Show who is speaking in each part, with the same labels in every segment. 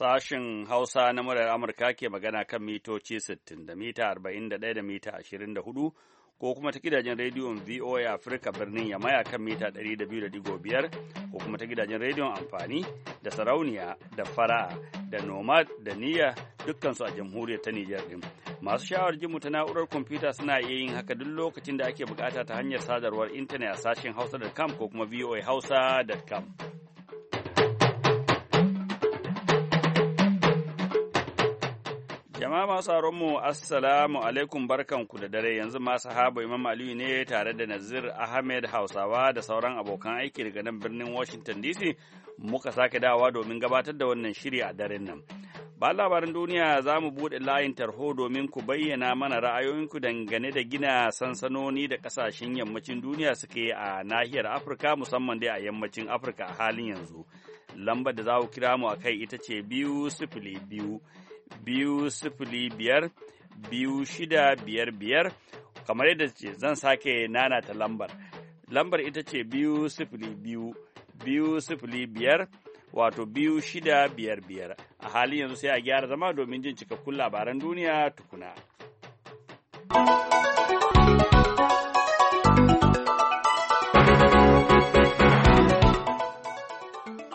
Speaker 1: Sashin Hausa na murar Amurka ke magana kan mitoci 60 da mita 41 da mita 24 ko kuma ta gidajen rediyon VOA Afirka birnin Yamaya kan mita 200.5 ko kuma ta gidajen rediyon amfani da sarauniya da fara'a da nomad da niyya dukkansu a jamhuriyar ta Nijar din. Masu shawar jimu ta na'urar kwamfuta suna iya yin haka duk lokacin da ake bukata ta hanyar sadarwar intanet a sashen hausa.com ko kuma voahausa.com. Jama'a masu mu Assalamu alaikum barkanku da dare yanzu ma sahaba Imam Aliyu ne tare da Nazir Ahmed Hausawa da sauran abokan aiki daga nan birnin Washington DC muka sake dawa domin gabatar da wannan shiri a daren nan. Ba labarin duniya za mu buɗe layin tarho domin ku bayyana mana ra'ayoyinku dangane da gina sansanoni da ƙasashen yammacin duniya suke a nahiyar Afirka musamman dai a yammacin Afirka a halin yanzu. Lambar da za ku kira mu a kai ita ce biyu sifili biyu biyu sifili biyar biyu shida biyar biyar kamar yadda ce zan sake ta lambar lambar ita ce biyu sifili biyu biyu sifili biyar wato biyu shida biyar biyar a halin yanzu sai a gyara zama domin jin cikakkun labaran duniya tukuna.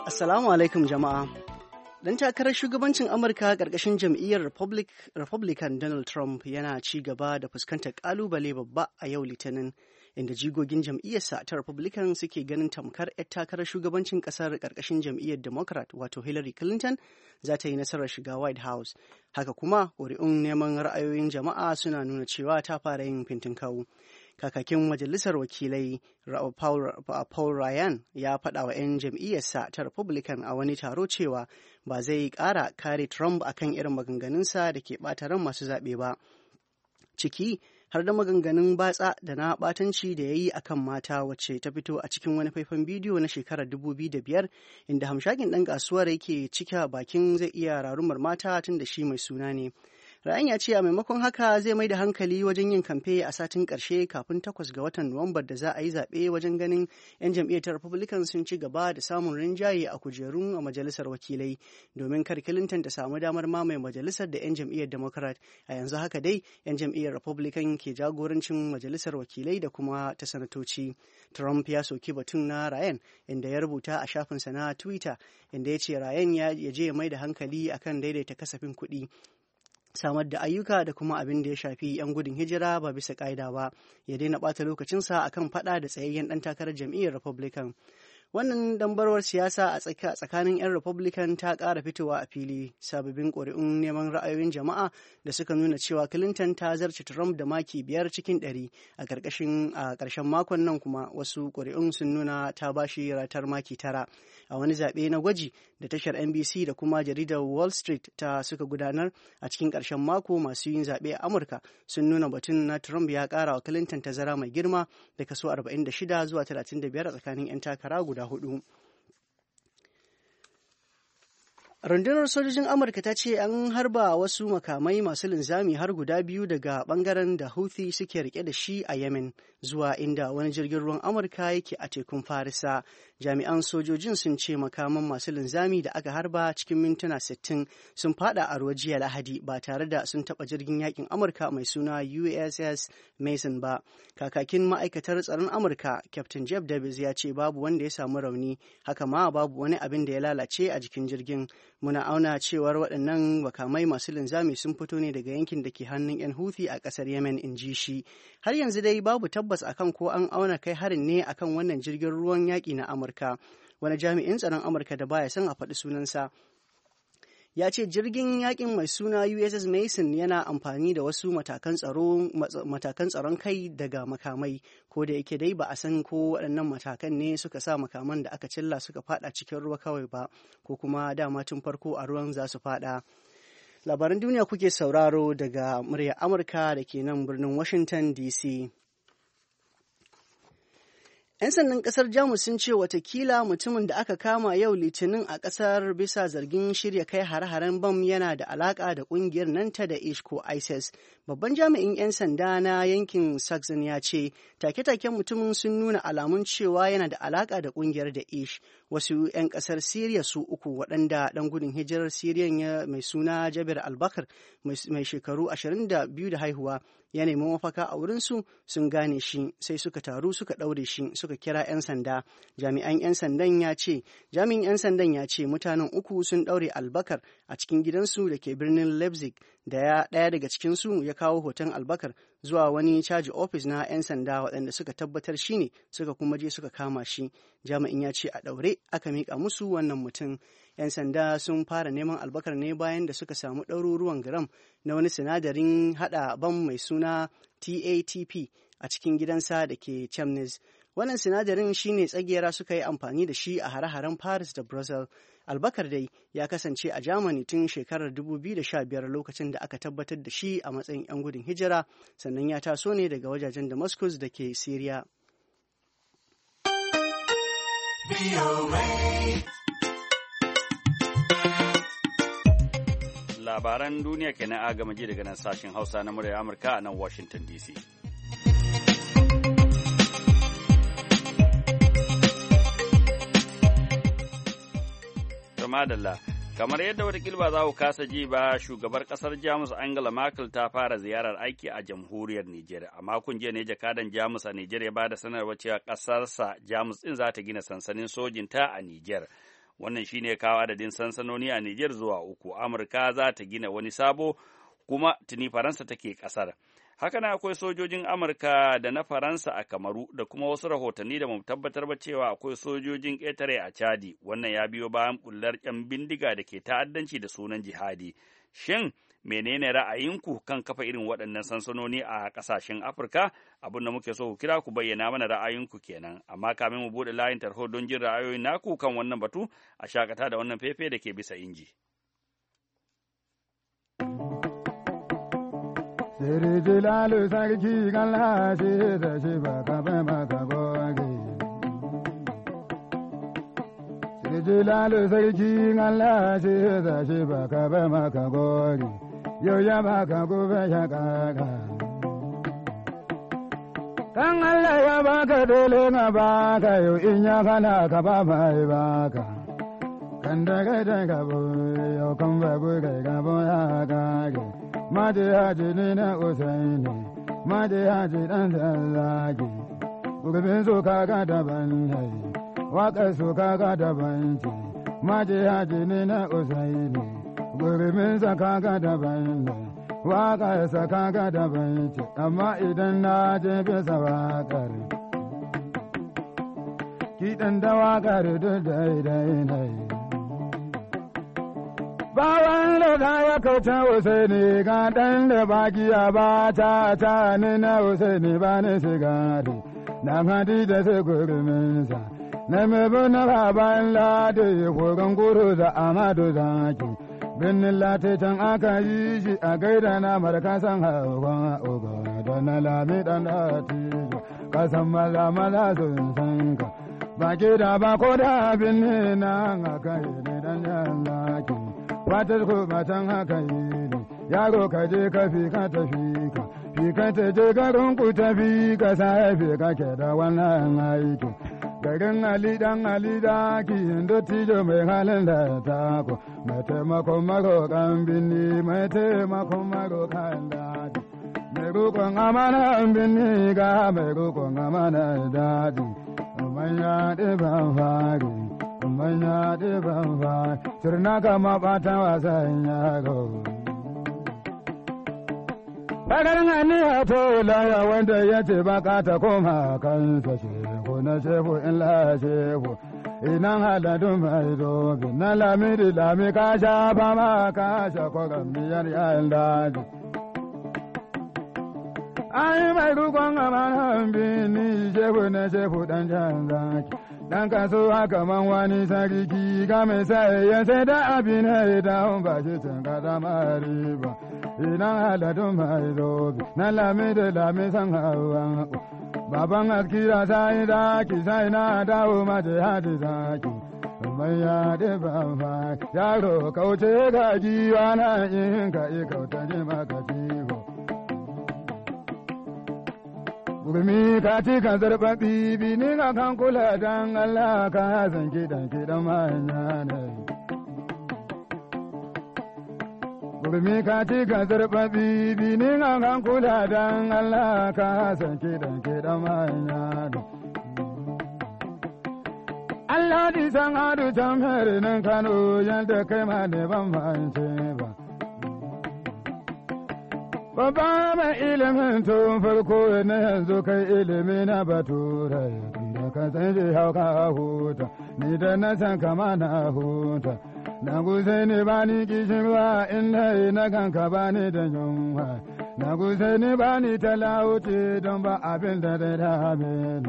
Speaker 2: Assalamu alaikum jama'a. Dan takarar shugabancin Amurka ƙarƙashin jam'iyyar Republican Donald Trump yana ci gaba da fuskantar ƙalubale babba a yau Litinin, inda jigogin jam'iyyarsa ta Republican suke ganin tamkar 'yar takarar shugabancin ƙasar ƙarƙashin jam'iyyar Democrat wato Hillary Clinton za ta yi nasarar shiga White House. Haka kuma, ƙuri'un neman ra'ayoyin jama'a suna nuna cewa ta fara yin fintin kawu. kakakin majalisar wakilai Paul Ryan ya faɗa wa 'yan jam'iyyarsa ta Republican a wani taro cewa ba zai ƙara kare Trump akan irin maganganunsa da ke ɓata ran masu zaɓe ba. Ciki har da maganganun batsa da na batanci da ya yi a kan mata wacce ta fito a cikin wani faifan bidiyo na shekarar 2005 inda hamshakin ɗan kasuwar yake cika bakin zai iya rarumar mata tun da shi mai suna ne. Rayan ya ce a maimakon haka zai mai da hankali wajen yin kamfe a satin karshe kafin takwas ga watan Nuwambar da za a yi zaɓe wajen ganin 'yan jam'iyyar ta Republican sun ci gaba da samun rinjaye a kujerun a majalisar wakilai domin kar Clinton ta samu damar mamaye majalisar da 'yan jam'iyyar Democrat. A yanzu haka dai 'yan jam'iyyar Republican ke jagorancin majalisar wakilai da kuma ta sanatoci. Trump ya soki batun na Ryan inda ya rubuta a shafinsa na Twitter inda ya ce Ryan ya je mai da hankali akan daidaita kasafin kuɗi samar da ayyuka da kuma abin da ya shafi 'yan gudun hijira ba bisa ka'ida ba ya daina bata lokacinsa a kan faɗa da tsayayyen ɗan takarar jam'iyyar republican wannan dambarwar siyasa a tsakanin 'yan republican ta kara fitowa a fili sababbin ƙuri'un neman ra'ayoyin jama'a da suka nuna cewa clinton ta zarce trump da maki biyar cikin ɗari a ƙarshen makon nan kuma wasu ƙuri'un sun nuna ta bashi ratar maki tara a wani zaɓe na gwaji da tashar NBC da kuma jaridar Wall Street ta suka gudanar a cikin ƙarshen mako masu yin zaɓe a Amurka sun nuna batun na Trump ya ƙara wa Clinton tazara mai girma da kaso 46 zuwa 35 a tsakanin 'yan takara guda hudu. Rundunar sojojin Amurka ta ce an harba wasu makamai masu linzami har guda biyu daga bangaren da Houthi suke rike da shi a Yemen zuwa inda wani jirgin ruwan Amurka yake a tekun Farisa. Jami'an sojojin sun ce makaman masu linzami da aka harba cikin mintuna 60 sun fada a ruwa jiya Lahadi ba tare da sun taba jirgin yakin Amurka mai suna USS Mason ba. Kakakin ma'aikatar tsaron Amurka, Captain Jeff Davis ya ce babu wanda ya samu rauni, haka ma babu wani abin da ya lalace a jikin jirgin. muna auna cewar waɗannan makamai masu linzami sun fito ne daga yankin da ke hannun 'yan huthi a ƙasar yemen in ji shi har yanzu dai babu tabbas akan ko an auna kai harin ne akan wannan jirgin ruwan yaƙi na amurka wani jami'in tsaron amurka da baya son a faɗi sunansa ya ce jirgin yakin mai suna USS Mason yana amfani da wasu matakan tsaron kai daga makamai ko da yake dai ba a san ko waɗannan matakan ne suka sa makaman da aka cilla suka fada cikin ruwa kawai ba ko kuma dama tun farko a ruwan za su fada. Labaran duniya kuke sauraro daga murya Amurka da ke nan birnin Washington DC. 'Yan sandan kasar Jamus sun ce watakila mutumin da aka kama yau litinin a kasar bisa zargin shirya kai hare-haren bam yana da alaka da kungiyar nanta da IS ko ISIS Babban jami'in 'yan sanda na yankin Saxon ya ce, take-taken mutumin sun nuna alamun cewa yana da alaka da kungiyar da ish wasu 'yan kasar Siriya su uku waɗanda ɗan gudun hijirar Siriyan mai suna Jabir Albakar mai shekaru 22 da haihuwa ya nemi mafaka a wurinsu sun gane shi sai suka taru suka ɗaure shi suka kira 'yan sanda jami'an 'yan sandan ya ce jami'in 'yan sandan ya ce mutanen uku sun ɗaure albakar a cikin gidansu da ke birnin leipzig da ya ɗaya daga cikin su ya kawo hoton albakar zuwa wani caji ofis na 'yan sanda waɗanda suka tabbatar shi ne suka kuma je suka kama shi jami'in ya ce a ɗaure aka miƙa musu wannan mutum 'yan sanda sun fara neman albakar ne bayan da suka samu ɗaruruwan gram na wani sinadarin haɗa bam mai suna tatp a cikin gidansa da ke chemnitz wannan sinadarin shine tsagiyara suka yi amfani da shi a hare-haren paris da brussels Albakar dai ya kasance a Germany tun shekarar 2015 lokacin da aka tabbatar da shi a matsayin 'yan gudun hijira sannan ya taso ne daga wajajen Damascus da ke Syria.
Speaker 1: Labaran duniya kenan na gama ji daga nan sashen Hausa na murya Amurka a nan Washington DC. madalla kamar yadda wata ba za ku kasa ji ba shugabar kasar jamus angela merkel ta fara ziyarar aiki a jamhuriyar niger a makon jiya ne jakadan jamus a niger ya bada sanarwa cewa kasarsa jamus din za ta gina sansanin sojin ta a niger wannan shine kawo adadin sansanoni a niger zuwa uku amurka za ta gina wani sabo kuma tuni faransa take kasar Haka na akwai sojojin Amurka da na Faransa a Kamaru da kuma wasu rahotanni da mu tabbatar ba cewa akwai sojojin ƙetare a Chadi, wannan ya biyo bayan bullar 'yan bindiga da ke ta'addanci da sunan jihadi. Shin menene ra'ayinku kan kafa irin waɗannan sansanoni a ƙasashen Afirka? Abin da muke so ku kira ku bayyana mana ra'ayinku kenan, amma kamin mu buɗe layin tarho don jin ra'ayoyin naku kan wannan batu a shakata da wannan fefe da ke bisa inji.
Speaker 3: Siriji lalu sarki kala shi da shi baka bai maka goge. lalu sarki kala shi da shi baka bai maka goge. Yau ya baka gobe ya kaka. Kan Allah ya baka dole na baka yau in ya kana ka ba mai baka. Kan daga daga bu yau kan babu kai gabo ya kage. Madi Haji ni na Usaini, Madi Haji ɗan zallage, gurbin su kaga daban ne, waƙar su kaga daban ce. Madi Haji ni na Usaini, gurbin sa kaga daban ne, waƙar sa kaga daban ce. Amma idan na je bisa waƙar, kiɗan da waƙar duk daidai ne. Bawan da ta ya kauta Usaini ga ɗan da baki a ba ta ta ni na Usaini ba ni sigari. Na fadi da sai gurminsa. Na mebe na baban lade kogon guru da amadu zaki. Binnin lati can aka yi shi a gaida na markasan hawa ogo don na lami ɗan da tijo. Kasan maza mala sun ka. baki da bako da binne na haka ne dan lallaki fatar ku matan haka ne yaro ka je ka fi ka tafi ka fi ka ta je garin ku tafi ka sai fi ka ke da wannan aiki garin ali dan ali da ki tijo mai halin da ta ku mai taimakon marokan binni mai taimakon marokan daji mai rukun amana binni ga mai rukun amana daji manya ɗiban fari manya ɗiban fari sirna kama ɓata wasan yaro fagar hannu ya to laya wanda ya ce baka ta koma kansa shehu na shehu in la shehu inan haladun mai dobi na lamiri lami kasha ba ma kasha ko gamiyar yayin dajin ai mai rukon amanan bini shehu na shehu dan jan zaki dan kasuwa kaman wani sarki ga mai sai ya sai da abin ya da ba shi can ka zama riba Ina haladun mai zobe na lami da lami san hawa baban askira sai da ki sai na dawo ma jihadi zaki mai ya da ban yaro kauce ga jiwa na in ka ikauta ji maka ciwo Gumi ka ci kan zarfan tsibi ni ka kan kula dan Allah ka san kiɗan kiɗan manya ne. Gumi ka ci kan zarfan tsibi ni ka kan kula dan Allah ka san kiɗan kiɗan manya ne. Allah di san hadu can nan Kano yadda kai ma ne ban mance ba. Babara ilimin tun farko na yanzu kai ilimi na batura da ka san shi hauka huta, ni da na san kama na huta. Na guse ni ba ni kishin ba inda na kanka ba ni da yunwa. Na guse ni ba ni talauci don ba abin da da ni.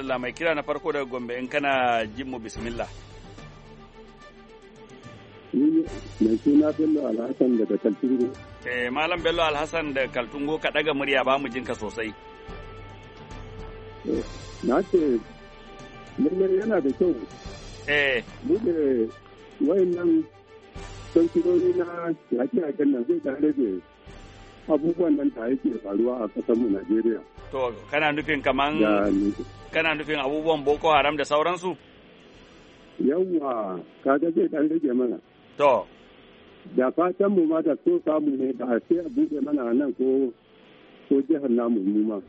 Speaker 1: madalla mai kira na farko daga Gombe in kana jin mu bismillah.
Speaker 4: mai suna Bello Alhassan daga Kaltungo.
Speaker 1: Eh Malam Bello Alhassan da Kaltungo ka daga murya ba mu jin ka sosai.
Speaker 4: Eh, na ce lallai yana da kyau. Eh. Bude wayannan sankirori na yaƙi a nan zai tare da abubuwan nan da yake faruwa a ƙasarmu Najeriya.
Speaker 1: To kana nufin kaman kana nufin abubuwan Boko Haram da sauransu?
Speaker 4: Yawwa, kaga zai dan rage mana. To. Da fatan mu ma da so samu ne da sai a buɗe mana nan ko ko jihar namu mu ma.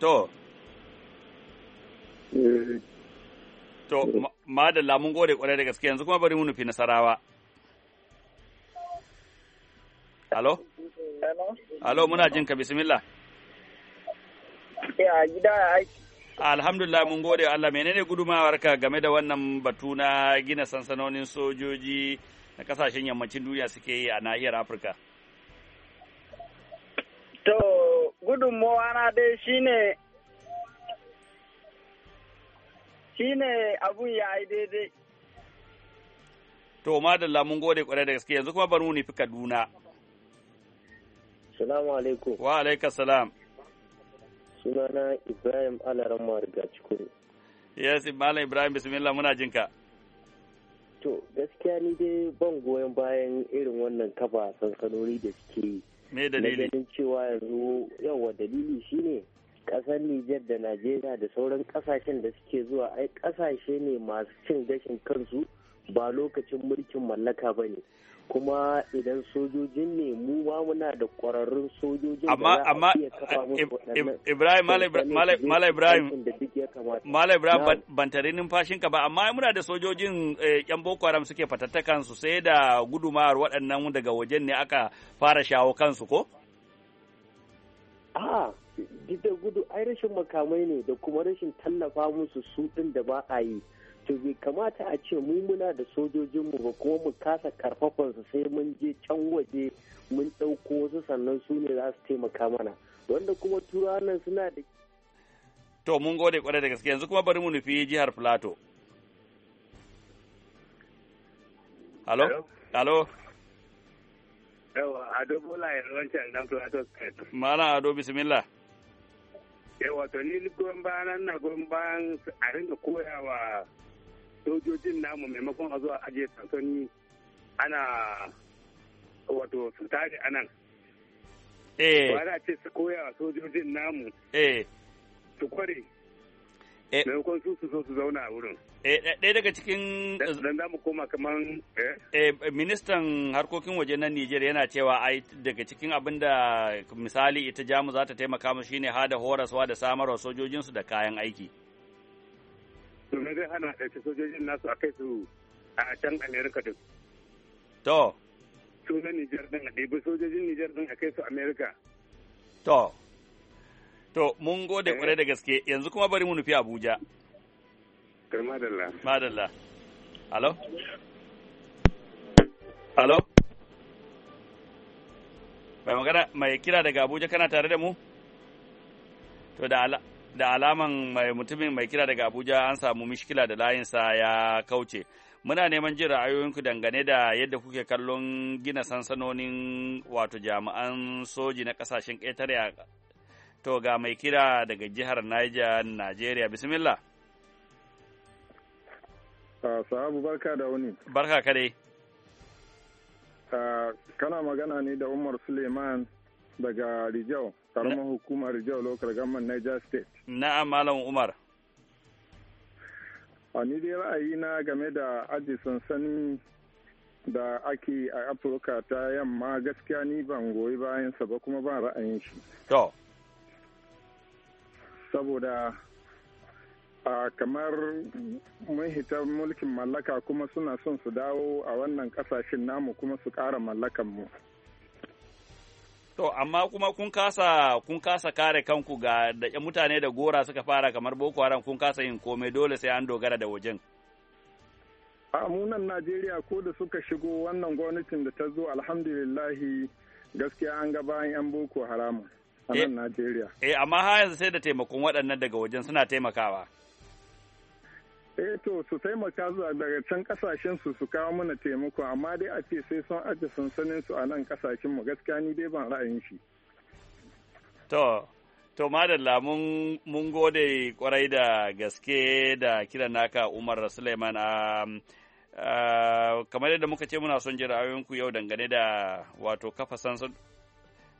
Speaker 4: To. Eh.
Speaker 1: To, madalla mun gode kwarai da gaske yanzu kuma bari mu nufi nasarawa. Alo?
Speaker 4: Alo, muna jinka bismillah. Eh, ya gida
Speaker 1: aiki. Alhamdulillah mun gode Allah menene gudumawar ka game da wannan batu na gina sansanonin sojoji na kasashen yammacin duniya suke yi a nahiyar Afirka.
Speaker 5: To gudunmawa na dai shine
Speaker 1: shine abun ya yi daidai. To madalla mun gode kwarai da gaske yanzu kuma bari mu fi Kaduna.
Speaker 5: Salamu alaikum.
Speaker 1: Wa alaikas salam.
Speaker 5: sunana ibrahim alaran ga
Speaker 1: cikuru yes malam ibrahim bismillah muna jinka
Speaker 5: to gaskiya ni dai ban goyon bayan irin wannan kafa sansanoni da suke yi
Speaker 1: me dalili ganin
Speaker 5: cewa yanzu yawa dalili shine kasar Nijar da Najeriya da sauran kasashen da suke zuwa ai kasashe ne masu cin gashin kansu ba lokacin mulkin mallaka ba ne kuma idan sojojin ne mu ba muna da kwararrun sojojin amma amma eh, Ibrahim Mala Ibrahim
Speaker 1: malai Ibrahim ban tare ka ba amma muna da sojojin yan eh, Boko Haram suke fatattakan su sai da gudumawar waɗannan daga wajen ne aka fara shawo kansu ko
Speaker 5: a'a ah, da gudu ai rashin makamai ne da kuma rashin tallafa musu su din da ba a yi to bai kamata a ce mu muna da sojojinmu ba kuma mu kasa karfafansu sai mun je can waje mun ɗauko wasu sannan su ne za su taimaka mana
Speaker 4: wanda kuma turawa
Speaker 5: nan suna da
Speaker 1: to mun gode kwarai da gaske yanzu kuma bari mu nufi jihar plateau Halo? Halo?
Speaker 4: Yawa, Ado
Speaker 1: Bola ya wancan nan Plato State. Malam Ado, bismillah. Yawa, to ni
Speaker 5: goyon na goyon a rinka koyawa sojojin namu maimakon
Speaker 1: a zuwa ajiye sansani ana wato su tare a nan. Eh. Ba ce su koya sojojin namu. Eh. Su kware. Eh. Maimakon su su so su zauna a wurin. Eh, ɗaya daga cikin... Dan za mu koma kaman... Eh, eh ministan harkokin waje na Nijar yana cewa ai daga cikin abin da misali ita jamu za ta taimaka mu shine hada horaswa da samarwa sojojinsu da kayan aiki.
Speaker 4: to zai hana ɗauki sojojin nasu a kai su a can amerika din to su na nijar din a ɗebi sojojin nijar din a kai su amerika
Speaker 1: to to mun gode kwarai eh. da gaske yanzu kuma bari mu nufi abuja madalla madalla alo alo mai magana mai kira daga abuja kana tare da mu to da ala da alaman mai mutumin mai kira daga Abuja an samu mishkila da layinsa ya kauce. Muna neman jin ra'ayoyinku dangane da yadda kuke kallon gina sansanonin wato jami'an soji na kasashen ƙetare to ga mai kira daga jihar Niger, Najeriya. Bismillah.
Speaker 4: Ah, Sahabu barka da wuni. Barka kare. Ah, kana magana ne da Umar Suleiman daga Rijau. karamar hukumar jihar Local Government Niger State. Na'am
Speaker 1: Malam Umar.
Speaker 4: A ni dai ra'ayi na game da aji sansani da ake a Afirka ta yamma gaskiya ni ban goyi bayansa ba kuma ban ra'ayin shi. To. Saboda a kamar mun hita mulkin mallaka kuma suna son su dawo a wannan kasashen namu kuma su ƙara mallakan mu.
Speaker 1: To, amma kuma kun kasa kun kasa kare kanku ga da mutane da gora suka fara kamar Boko Haram kun kasa yin komai dole sai an dogara da wajen.
Speaker 4: A munan Najeriya ko da suka shigo wannan gwamnatin da ta zo alhamdulillahi gaskiya an ga bayan 'yan Boko Haram a eh, nan Najeriya.
Speaker 1: Eh, amma har yanzu sai da taimakon waɗannan daga wajen suna taimakawa.
Speaker 4: eh to su taimaka zuwa daga can kasashen su su kawo mana taimako amma dai a ce sai sun aje sansanin su a nan kasashen mu gaskiya ni dai ban ra'ayin shi
Speaker 1: to to madalla mun mun gode kwarai da gaske da kiran naka Umar Suleiman a um, uh, kamar yadda muka ce muna son jira ku yau dangane da wato kafa sansan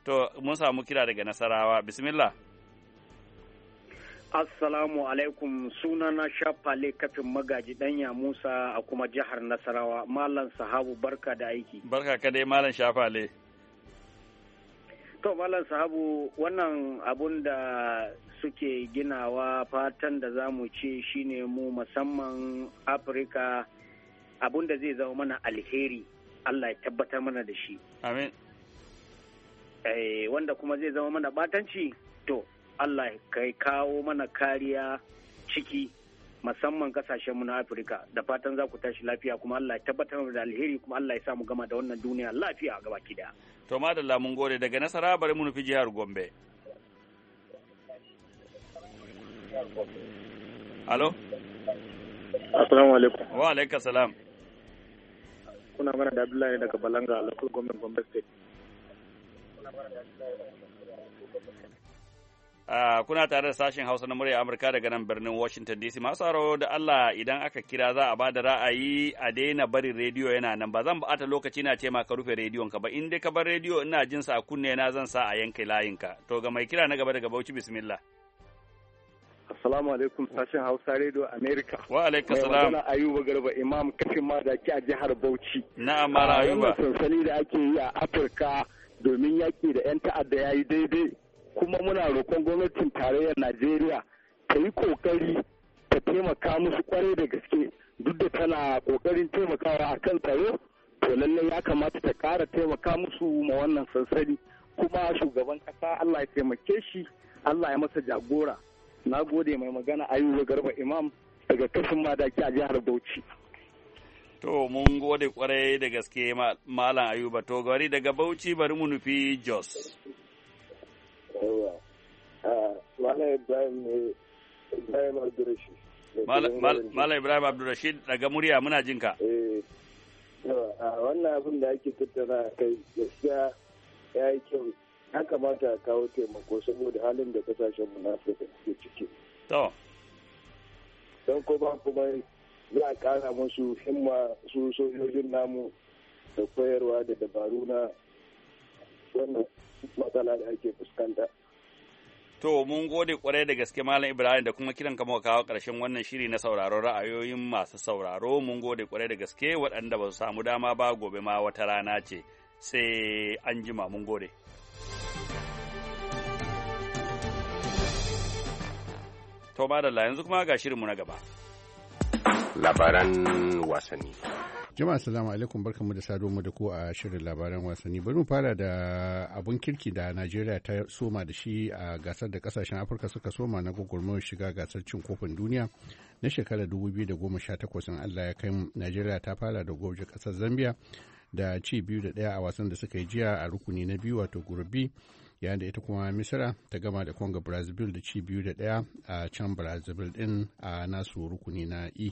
Speaker 1: to mun samu kira daga Nasarawa bismillah
Speaker 5: Assalamu alaikum sunana shafale kafin magaji ɗanya Musa a kuma jihar Nasarawa Malam Sahabu barka da aiki.
Speaker 1: Barka ka dai Malam Shafale.
Speaker 5: To Malam Sahabu wannan abun da suke ginawa fatan da za mu ce shine mu musamman Afirka abun da zai zama mana alheri Allah ya tabbatar mana da shi. Amin. Eh, wanda kuma zai zama mana batanci to Allah kai kawo mana kariya ciki musamman kasashenmu na Afirka da fatan za ku tashi lafiya kuma Allah ya tabbatar da alheri kuma Allah ya sa mu gama da wannan duniya lafiya gaba kida.
Speaker 1: To madalla mun gode daga nasara bari mu nufi jihar Gombe. Alo?
Speaker 6: Assalamu alaikum.
Speaker 1: Wa alaikum salam.
Speaker 4: Kuna mana da Abdullahi daga Balanga, local Gombe Gombe state.
Speaker 1: Ah, kuna tare da sashen Hausa na murya Amurka daga nan birnin Washington DC. Masu sauraro da Allah idan aka kira za a bada ra'ayi a daina barin rediyo yana nan ba zan bata lokaci na ce ma ka rufe rediyon ka ba in dai ka bar rediyo ina jin sa a kunne na zan sa a yanke layin ka. To ga mai kira na gaba daga Bauchi bismillah.
Speaker 5: Assalamu alaikum sashen Hausa Radio America.
Speaker 1: Wa alaikum salam. Mai
Speaker 5: Ayuba Garba Imam kafin ke a jihar Bauchi. Na'am mara ah, Ayuba. Wannan sansani da ake yi a Afirka domin yaki da 'yan ta'adda yayi daidai. kuma muna roƙon gwamnatin tarayyar najeriya ta yi ƙoƙari ta taimaka musu kwarai da gaske duk da tana ƙoƙarin taimakawa a kan tsaro to lallai ya kamata ta ƙara taimaka musu ma wannan sansani kuma shugaban ƙasa allah ya taimake shi allah ya masa jagora na gode mai magana ayuba garba imam daga kashin madaki a jihar bauchi
Speaker 1: To mun gode kwarai da gaske Malam Ayuba to gari daga Bauchi bari mu nufi Jos.
Speaker 4: Ah, Malam Ibrahim
Speaker 1: Abdurrashid. daga murya muna jinka.
Speaker 4: Eh, ah, wannan abin da ake tattara kai gaskiya ya yi kyau ya kamata a kawo taimako saboda halin da kasashen mu na Afirka ke ciki. To. Don ko ba kuma za a kara musu himma su sojojin namu da koyarwa da dabaru na wannan matsala ake fuskanta.
Speaker 1: To mun gode kwarai da gaske Malam Ibrahim da kuma kiran kama kawo ƙarshen wannan shiri na sauraron ra'ayoyin masu sauraro mun gode kwarai da gaske waɗanda ba su samu dama ba gobe ma wata rana ce sai an jima mun gode. To da yanzu kuma ga shirinmu na gaba. Labaran wasanni.
Speaker 7: Jama'a assalamu alaikum barkanmu da sado mu da ku a shirin labaran wasanni. Bari mu fara da abun kirki da Najeriya ta soma da shi a gasar da kasashen Afirka suka soma na gwagwarmar shiga gasar cin kofin duniya na shekarar 2018 in Allah ya kai Najeriya ta fara da gobe kasar Zambia da ci biyu da daya a wasan da suka yi jiya a rukuni na biyu wato gurbi yayin da ita kuma misira ta gama da congo brazil da ci biyu da daya a can brazil din a nasu rukuni na e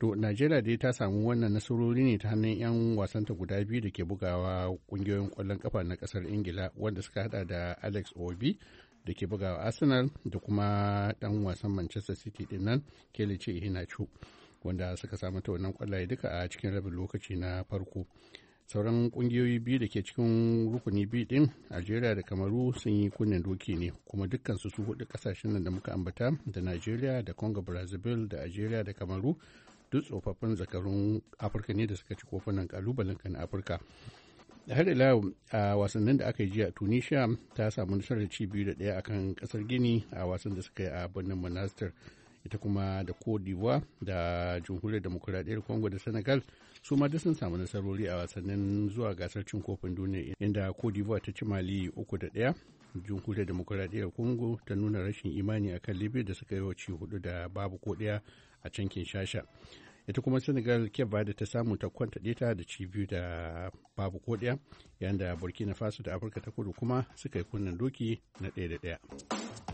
Speaker 7: to najeriya dai ta samu wannan nasarori ne ta hannun 'yan wasanta guda biyu da ke bugawa kungiyoyin kwallon kafa na kasar ingila wanda suka hada da alex obi da ke bugawa arsenal da kuma dan wasan manchester city din nan kelice wanda suka samu ta wannan kwallaye duka a cikin rabin lokaci na farko sauran kungiyoyi biyu da ke cikin rukuni biyu din algeria da kamaru sun yi kunnen doki ne kuma dukkan su hudu ƙasashen nan da muka ambata da nigeria da congo brazil da algeria da kamaru duk tsofaffin zakarun afirka ne da suka ci kofunan kalubalen kan afirka har ila a wasannin da aka yi jiya tunisia ta samu nasarar ci biyu da ɗaya kan kasar gini a wasan da suka yi a birnin manastir ita kuma da cote da jamhuriyar demokuraɗiyar congo da senegal su ma duk sun samu nasarori a wasannin zuwa gasar cin kofin duniya inda cote ta ci mali uku da ɗaya jamhuriyar demokuraɗiyar congo ta nuna rashin imani akan libya da suka yi wa ci hudu da babu ko ɗaya a can Kinshasa. Ita kuma Senegal Kebba da ta samu ta kwanta ta da ci biyu da babu ko ɗaya yayin da Burkina Faso da Afirka ta kudu kuma suka yi kunnen doki na ɗaya da ɗaya.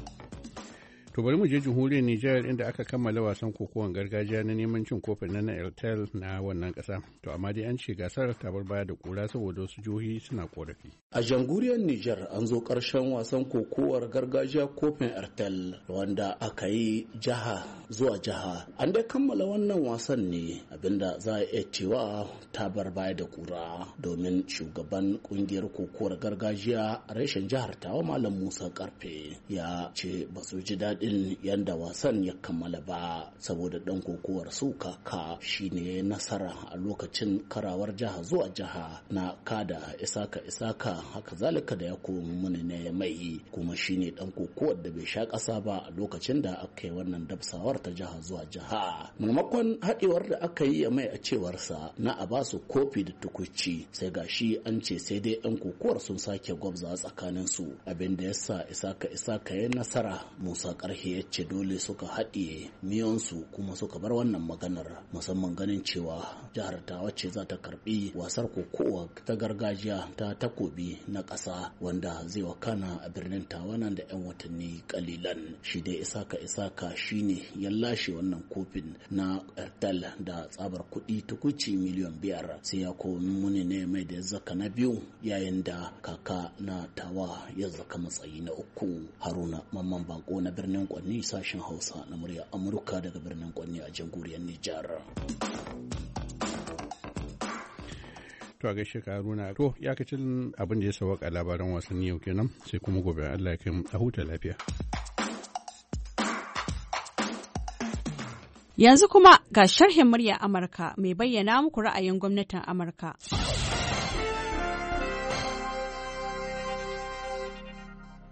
Speaker 7: To bari mu je jamhuriyar Nijar inda aka kammala wasan kokowar gargajiya na neman cin kofin na Airtel na wannan kasa. To amma dai an ce gasar ta bar baya da kura saboda wasu jihohi suna korafi.
Speaker 5: A jamhuriyar Nijar an zo karshen wasan kokowar gargajiya kofin Airtel wanda aka yi jiha zuwa jiha. An dai kammala wannan wasan ne abinda za a iya cewa ta bar baya da kura domin shugaban kungiyar kokowar gargajiya reshen jihar Tawa Malam Musa Karfe ya ce ba su ji daɗin. din yanda wasan ya kammala ba saboda dan kokowar su kaka shine nasara a lokacin karawar jiha zuwa jiha na kada isaka isaka haka zalika da ya komi mini ne mai kuma shine dan kokowar da bai sha kasa ba a lokacin da aka yi wannan dabsawar ta jiha zuwa jiha maimakon haɗewar da aka yi ya mai a cewar sa na a basu kofi da tukuci sai gashi an ce sai dai yan kokowar sun sake gwabza tsakanin su abin da yasa isaka isaka ya nasara musa karhe ya ce dole suka haɗiye miyansu kuma suka bar wannan maganar musamman ganin cewa jihar ta wacce za ta karbi wasar kokowa ta gargajiya ta takobi na ƙasa wanda zai wakana a birnin tawanan da 'yan watanni kalilan shi dai isaka isaka shine ya lashe wannan kofin na dal da tsabar kuɗi tukuci miliyan biyar sai ya komi muni ne mai da zaka na biyu yayin da kaka na tawa ya zaka matsayi na uku haruna mamman bako na birnin birnin Kwanni sashen Hausa na murya Amurka daga birnin Kwanni a jamhuriyar Nijar.
Speaker 7: To a gaishe ka Haruna to ya kacin abin da ya sawaka labaran wasanni yau kenan sai kuma gobe Allah ya kai a huta lafiya.
Speaker 8: Yanzu kuma ga sharhin murya Amurka mai bayyana muku ra'ayin gwamnatin Amurka.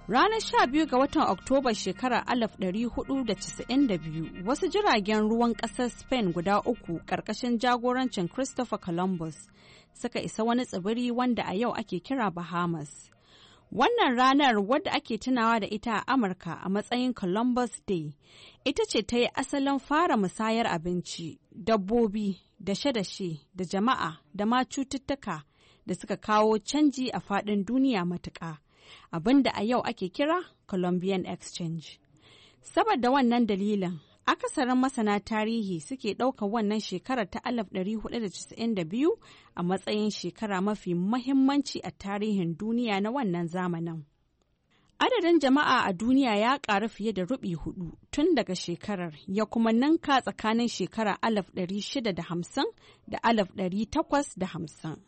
Speaker 8: Ranar 12 ga watan Oktoba shekarar 1492 wasu jiragen ruwan ƙasar Spain guda uku ƙarƙashin jagorancin Christopher Columbus suka isa wani tsibiri wanda a yau ake kira Bahamas. Wannan ranar wadda ake tunawa da ita a Amurka a matsayin Columbus Day ita ce ta yi asalin fara musayar abinci, dabbobi, dashe-dashe da jama'a da ma cututtuka da suka kawo canji a faɗin duniya matuƙa. abinda a yau ake kira Colombian Exchange. Saboda wannan dalilin, akasarin masana tarihi suke ɗaukar wannan shekarar ta 1492 a matsayin shekara mafi mahimmanci a tarihin duniya na wannan zamanin. Adadin jama'a a duniya ya ƙaru fiye da rubi hudu tun daga shekarar ya kuma ninka tsakanin shekara 1650 da 1850.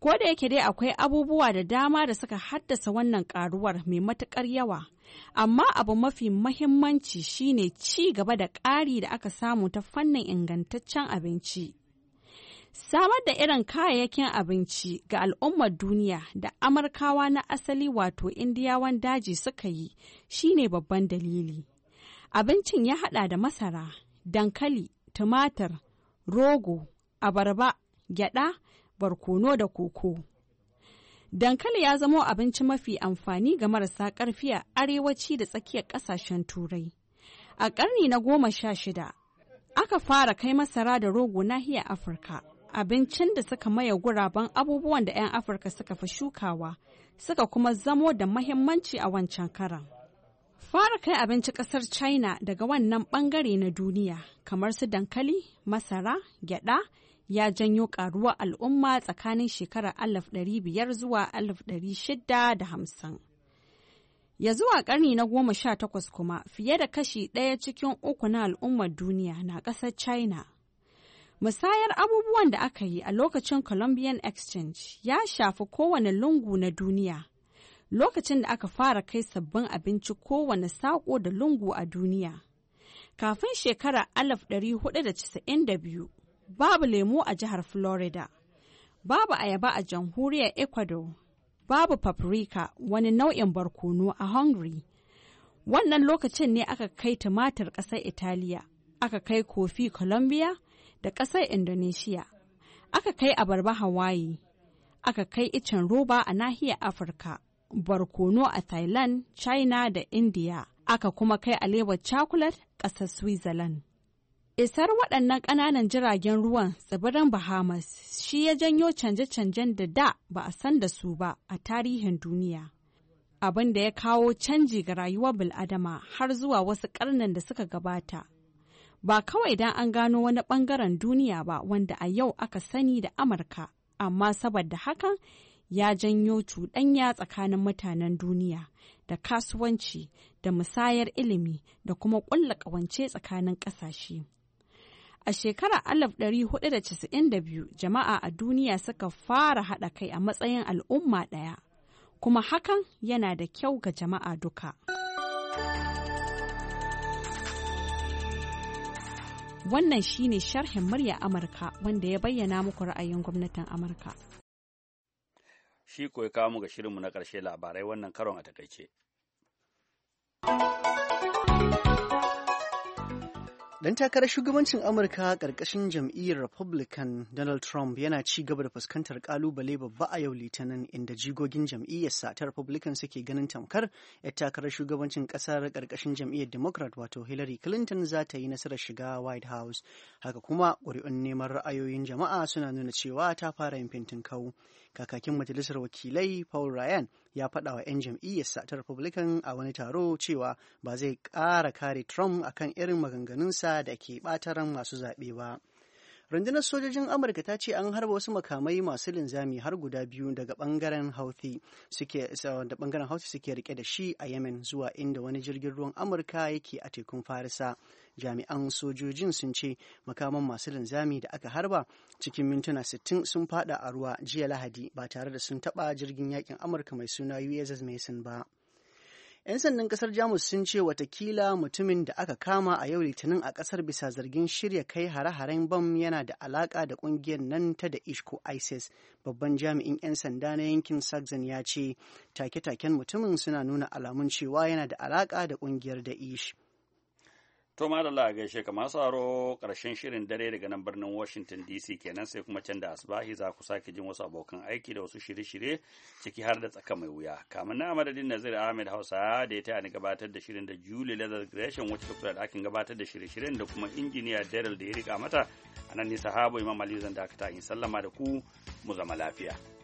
Speaker 8: Ko da yake dai akwai abubuwa da dama da suka haddasa wannan karuwar mai matuƙar yawa, amma abu mafi mahimmanci shine ci gaba da ƙari da aka samu ta fannin ingantaccen abinci. Samar da irin kayayyakin abinci ga al'ummar duniya da Amurkawa na asali wato Indiyawan daji suka yi shine babban dalili. Abincin ya haɗa da masara, dankali, tumatir, rogo, abarba, gyada barkono da koko. Dankali ya zamo abinci mafi amfani ga marasa ƙarfi a arewaci da tsakiyar ƙasashen turai. A ƙarni na goma sha shida, aka fara kai masara da rogo nahiyar Afirka, abincin da suka maye guraben abubuwan da 'yan Afirka suka fi shukawa, suka kuma zamo da mahimmanci a wancan karan. Fara kai abinci ƙasar China daga wannan ɓangare na duniya, kamar su dankali, masara, gyada, ya janyo karuwar al'umma tsakanin shekarar 1500 zuwa 1650. Ya zuwa karni na goma sha takwas kuma fiye da kashi ɗaya cikin uku na al'ummar duniya na ƙasar China. Musayar abubuwan da aka yi a lokacin Colombian Exchange ya shafi kowane lungu na duniya. Lokacin da aka fara kai sabbin abinci kowane saƙo da lungu a duniya. Kafin shekara 1492, babu lemu a jihar Florida, babu ayaba a jamhuriyar Ecuador, babu paprika wani nau'in barkono a Hungary. Wannan lokacin ne aka kai tumatir ƙasar Italiya, aka kai kofi Colombia da ƙasar Indonesia, aka kai abarba Hawaii, aka kai icen roba a nahiyar Afirka, barkono a Thailand, China da India, aka kuma kai alewar chocolate ƙasar Switzerland. Isar waɗannan ƙananan jiragen ruwan tsibirin Bahamas shi ya janyo canje-canjen da da ba a san da su ba a tarihin duniya. Abin da ya kawo canji ga rayuwar bil'adama har zuwa wasu ƙarnin da suka gabata. Ba kawai don an gano wani ɓangaren duniya ba wanda a yau aka sani da Amurka, amma saboda hakan ya janyo cuɗanya tsakanin mutanen duniya da kasuwanci da musayar ilimi da kuma ƙulla ƙawance tsakanin ƙasashe. A shekarar da da biyu, jama'a a duniya suka fara haɗa kai a matsayin al'umma ɗaya, kuma hakan yana da kyau ga jama'a duka. Wannan shine sharhin murya Amurka wanda ya bayyana muku ra'ayin gwamnatin Amurka.
Speaker 1: Shi kawo mu ga shirinmu na ƙarshe labarai wannan karon a takaice.
Speaker 2: Dan takarar shugabancin Amurka ƙarƙashin jam'iyyar Republican Donald Trump yana ci gaba da fuskantar ƙalubale babba a yau Litinin inda jigogin jam'iyyarsa ta Republican suke ganin tamkar 'yar takarar shugabancin ƙasar ƙarƙashin jam'iyyar Democrat wato Hillary Clinton za ta yi nasarar shiga White House. Haka kuma ƙuri'un neman ra'ayoyin jama'a suna nuna cewa ta fara yin fintin kau. kakakin majalisar wakilai paul ryan ya faɗa wa 'yan jam'iyyarsa ta republican a wani taro cewa ba zai ƙara kare trump akan irin maganganunsa da ke ɓataran masu zaɓe ba. rundunar sojojin amurka ta ce an harba wasu makamai masu linzami har guda biyu daga bangaren houthi suke da bangaren houthi suke rike da shi a yemen zuwa inda wani jirgin ruwan amurka yake a tekun farisa jami'an sojojin sun ce makaman masu linzami da aka harba cikin mintuna 60 sun fada a ruwa jiya lahadi ba tare da sun taba jirgin yakin amurka mai suna uss mason ba 'Yan sandan kasar Jamus sun ce watakila mutumin da aka kama a yau litinin a kasar bisa zargin shirya kai hare-haren bam yana da alaka da kungiyar nan ta da ishko ISIS. Babban jami'in 'yan sanda na yankin Saxon ya ce take-taken mutumin suna nuna alamun cewa yana da alaka da kungiyar da ish.
Speaker 1: To madalla a gaishe ka masu haro ƙarshen shirin dare daga nan birnin Washington DC kenan sai kuma can da asibahi za ku sake jin wasu abokan aiki da wasu shirye-shirye ciki har da tsaka mai wuya. Kamin na madadin Nazir Ahmed Hausa da ya taya ni gabatar da shirin da Julie Leather Gresham wacce ta da akin gabatar da shirye-shiryen da kuma injiniya Daryl da ya rika mata a nan ne sahabo Imam Ali zan dakata in sallama da ku mu zama lafiya.